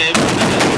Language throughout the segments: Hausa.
que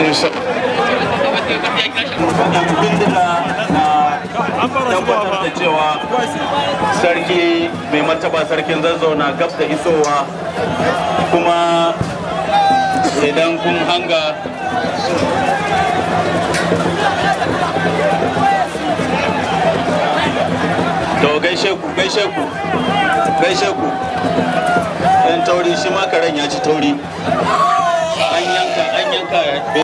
insha tabbatar da cewa sarki mai mataba sarkin zazzauna gab da isowa kuma idan kun hanga to gaishe ku gaishe ku gaishe ku ɗan tauri shi ma karen ya ci tauri an yanka an yanka